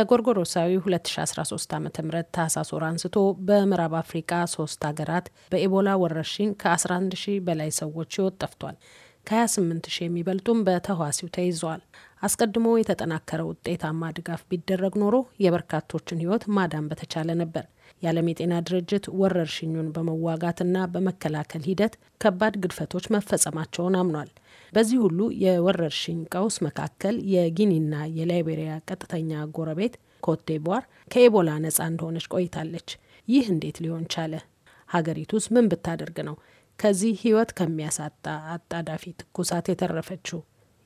ከጎርጎሮሳዊ 2013 ዓ ም ታህሳስ ወር አንስቶ በምዕራብ አፍሪካ ሶስት ሀገራት በኤቦላ ወረርሽኝ ከ11 ሺህ በላይ ሰዎች ሕይወት ጠፍቷል። ከ28 ሺህ የሚበልጡም በተህዋሲው ተይዘዋል። አስቀድሞ የተጠናከረ ውጤታማ ድጋፍ ቢደረግ ኖሮ የበርካቶችን ሕይወት ማዳን በተቻለ ነበር። የዓለም የጤና ድርጅት ወረርሽኙን በመዋጋትና በመከላከል ሂደት ከባድ ግድፈቶች መፈጸማቸውን አምኗል። በዚህ ሁሉ የወረርሽኝ ቀውስ መካከል የጊኒና የላይቤሪያ ቀጥተኛ ጎረቤት ኮት ከኤቦላ ነጻ እንደሆነች ቆይታለች። ይህ እንዴት ሊሆን ቻለ? ሀገሪቱስ ምን ብታደርግ ነው ከዚህ ህይወት ከሚያሳጣ አጣዳፊ ትኩሳት የተረፈችው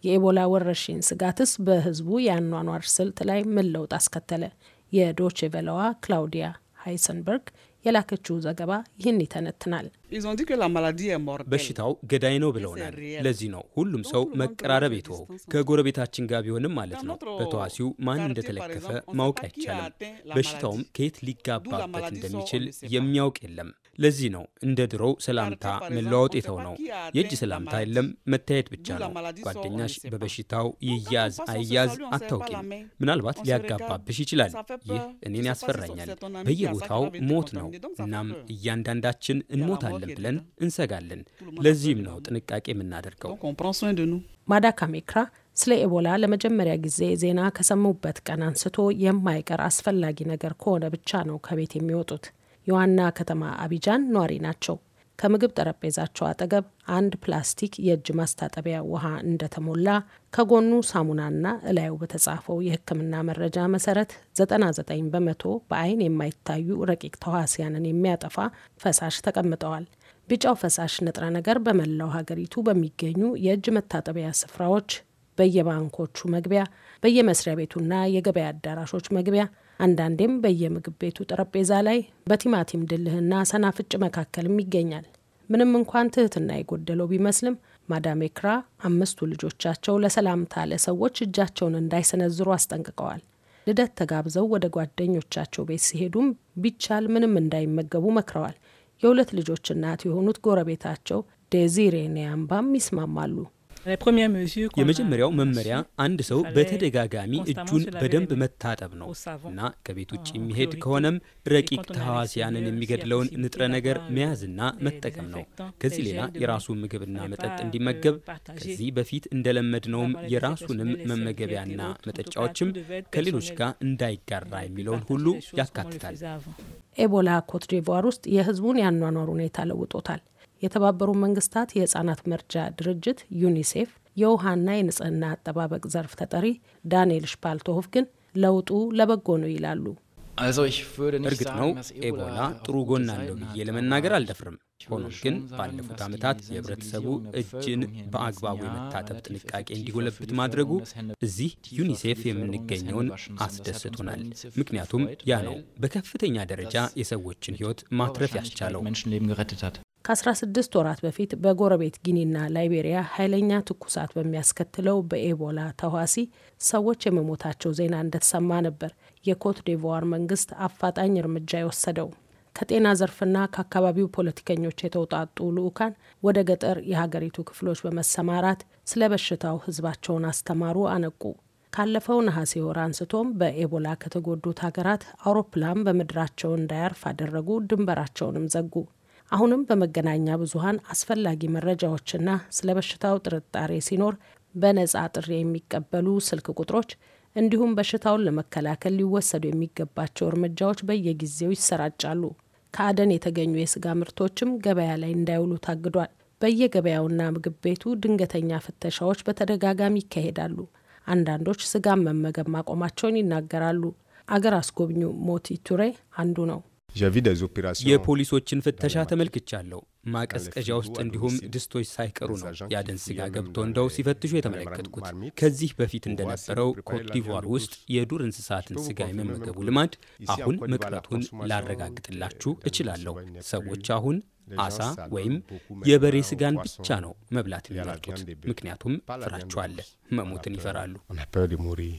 የኢቦላ ወረርሽኝ ስጋትስ በህዝቡ የአኗኗር ስልት ላይ ምን ለውጥ አስከተለ? የዶቼ ቬለዋ ክላውዲያ ሃይሰንበርግ የላከችው ዘገባ ይህን ይተነትናል። በሽታው ገዳይ ነው ብለውናል። ለዚህ ነው ሁሉም ሰው መቀራረብ የተወው ከጎረቤታችን ጋር ቢሆንም ማለት ነው። በተዋሲው ማን እንደተለከፈ ማወቅ አይቻልም። በሽታውም ከየት ሊጋባበት እንደሚችል የሚያውቅ የለም። ለዚህ ነው እንደ ድሮው ሰላምታ መለዋወጥ የተው ነው። የእጅ ሰላምታ የለም፣ መታየት ብቻ ነው። ጓደኛሽ በበሽታው ይያዝ አይያዝ አታውቂም። ምናልባት ሊያጋባብሽ ይችላል። ይህ እኔን ያስፈራኛል። በየቦታው ሞት ነው። እናም እያንዳንዳችን እንሞታለን ብለን እንሰጋለን። ለዚህም ነው ጥንቃቄ የምናደርገው። ማዳካ ሜክራ ስለ ኤቦላ ለመጀመሪያ ጊዜ ዜና ከሰሙበት ቀን አንስቶ የማይቀር አስፈላጊ ነገር ከሆነ ብቻ ነው ከቤት የሚወጡት። የዋና ከተማ አቢጃን ነዋሪ ናቸው። ከምግብ ጠረጴዛቸው አጠገብ አንድ ፕላስቲክ የእጅ ማስታጠቢያ ውሃ እንደተሞላ ከጎኑ ሳሙናና እላዩ በተጻፈው የሕክምና መረጃ መሰረት 99 በመቶ በአይን የማይታዩ ረቂቅ ተዋሲያንን የሚያጠፋ ፈሳሽ ተቀምጠዋል። ቢጫው ፈሳሽ ንጥረ ነገር በመላው ሀገሪቱ በሚገኙ የእጅ መታጠቢያ ስፍራዎች፣ በየባንኮቹ መግቢያ፣ በየመስሪያ ቤቱና የገበያ አዳራሾች መግቢያ አንዳንዴም በየምግብ ቤቱ ጠረጴዛ ላይ በቲማቲም ድልህና ሰናፍጭ መካከልም ይገኛል። ምንም እንኳን ትህትና የጎደለው ቢመስልም ማዳሜ ክራ አምስቱ ልጆቻቸው ለሰላምታ ለሰዎች እጃቸውን እንዳይሰነዝሩ አስጠንቅቀዋል። ልደት ተጋብዘው ወደ ጓደኞቻቸው ቤት ሲሄዱም ቢቻል ምንም እንዳይመገቡ መክረዋል። የሁለት ልጆች እናት የሆኑት ጎረቤታቸው ዴዚሬ ኒያምባም ይስማማሉ። የመጀመሪያው መመሪያ አንድ ሰው በተደጋጋሚ እጁን በደንብ መታጠብ ነው እና ከቤት ውጭ የሚሄድ ከሆነም ረቂቅ ተሐዋስያንን የሚገድለውን ንጥረ ነገር መያዝና መጠቀም ነው። ከዚህ ሌላ የራሱን ምግብና መጠጥ እንዲመገብ ከዚህ በፊት እንደለመድነውም የራሱንም መመገቢያና መጠጫዎችም ከሌሎች ጋር እንዳይጋራ የሚለውን ሁሉ ያካትታል። ኤቦላ ኮትዲቫር ውስጥ የህዝቡን ያኗኗር ሁኔታ ለውጦታል። የተባበሩ መንግስታት የህጻናት መርጃ ድርጅት ዩኒሴፍ የውሃና የንጽህና አጠባበቅ ዘርፍ ተጠሪ ዳንኤል ሽፓልቶሆፍ ግን ለውጡ ለበጎ ነው ይላሉ። እርግጥ ነው ኤቦላ ጥሩ ጎን አለው ብዬ ለመናገር አልደፍርም። ሆኖም ግን ባለፉት ዓመታት የህብረተሰቡ እጅን በአግባቡ የመታጠብ ጥንቃቄ እንዲጎለብት ማድረጉ እዚህ ዩኒሴፍ የምንገኘውን አስደስቶናል። ምክንያቱም ያ ነው በከፍተኛ ደረጃ የሰዎችን ህይወት ማትረፍ ያስቻለው። ከ16 ወራት በፊት በጎረቤት ጊኒና ላይቤሪያ ኃይለኛ ትኩሳት በሚያስከትለው በኤቦላ ተዋሲ ሰዎች የመሞታቸው ዜና እንደተሰማ ነበር የኮት ዲቮዋር መንግስት አፋጣኝ እርምጃ የወሰደው። ከጤና ዘርፍና ከአካባቢው ፖለቲከኞች የተውጣጡ ልዑካን ወደ ገጠር የሀገሪቱ ክፍሎች በመሰማራት ስለ በሽታው ህዝባቸውን አስተማሩ፣ አነቁ። ካለፈው ነሐሴ ወር አንስቶም በኤቦላ ከተጎዱት ሀገራት አውሮፕላን በምድራቸው እንዳያርፍ አደረጉ፣ ድንበራቸውንም ዘጉ። አሁንም በመገናኛ ብዙሀን አስፈላጊ መረጃዎችና ስለ በሽታው ጥርጣሬ ሲኖር በነጻ ጥሪ የሚቀበሉ ስልክ ቁጥሮች እንዲሁም በሽታውን ለመከላከል ሊወሰዱ የሚገባቸው እርምጃዎች በየጊዜው ይሰራጫሉ። ከአደን የተገኙ የስጋ ምርቶችም ገበያ ላይ እንዳይውሉ ታግዷል። በየገበያውና ምግብ ቤቱ ድንገተኛ ፍተሻዎች በተደጋጋሚ ይካሄዳሉ። አንዳንዶች ስጋን መመገብ ማቆማቸውን ይናገራሉ። አገር አስጎብኙ ሞቲ ቱሬ አንዱ ነው። የፖሊሶችን ፍተሻ ተመልክቻለሁ። ማቀዝቀዣ ውስጥ እንዲሁም ድስቶች ሳይቀሩ ነው ያደን ስጋ ገብቶ እንደው ሲፈትሹ የተመለከትኩት። ከዚህ በፊት እንደነበረው ኮትዲቯር ውስጥ የዱር እንስሳትን ስጋ የመመገቡ ልማድ አሁን መቅረቱን ላረጋግጥላችሁ እችላለሁ። ሰዎች አሁን አሳ ወይም የበሬ ስጋን ብቻ ነው መብላት የሚመርጡት፣ ምክንያቱም ፍራቸው አለ፣ መሞትን ይፈራሉ።